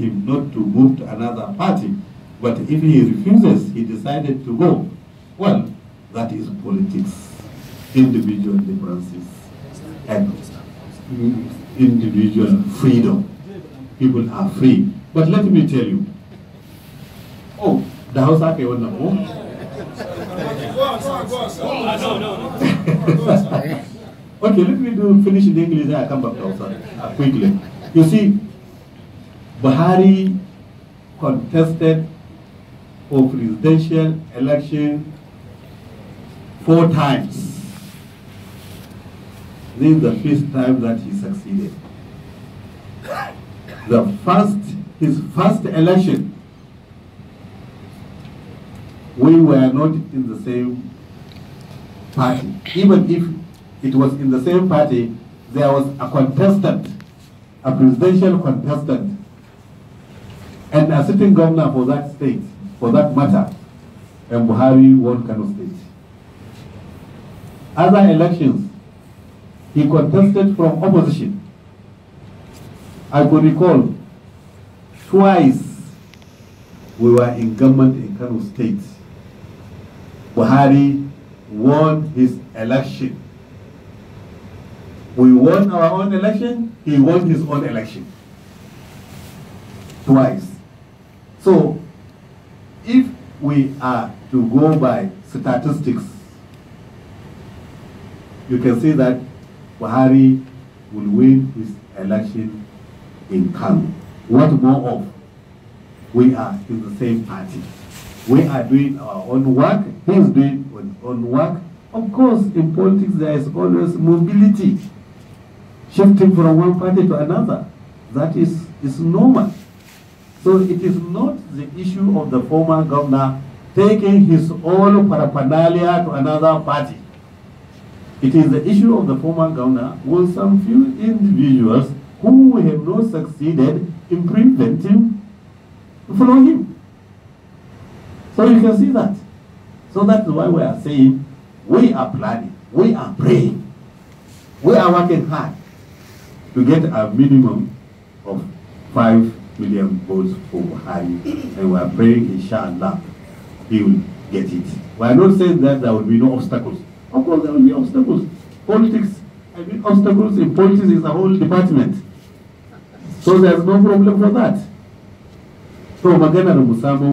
him not to move to another party. But if he refuses, he decided to go. Well, that is politics, individual differences, and individual freedom. People are free. But let me tell you, oh, the house I won't know. Okay, let me do finish in English, then I come back to Hausa quickly. You see, Buhari contested for presidential election four times. This is the fifth time that he succeeded. The first, his first election, we were not in the same party. Even if it was in the same party, there was a contestant, a presidential contestant and a sitting governor for that state, for that matter, and Buhari won Kano State. Other elections, he contested from opposition. I could recall twice we were in government in Kano State. Buhari won his election. We won our own election, he won his own election. Twice. So if we are to go by statistics, you can see that Buhari will win his election in Kano. What more of? We are in the same party. We are doing our own work. He is doing his own work. Of course, in politics, there is always mobility, shifting from one party to another. That is, is normal. So it is not the issue of the former governor taking his own paraphernalia to another party. It is the issue of the former governor with some few individuals who have not succeeded in preventing from him. So you can see that. So that's why we are saying we are planning, we are praying, we are working hard to get a minimum of five million votes for Buhari, and we are praying, inshallah, he will get it. We are not saying that there will be no obstacles. Of course, there will be obstacles. Politics, I mean, obstacles in politics is a whole department. So there's no problem for that. So, Magana Musamo.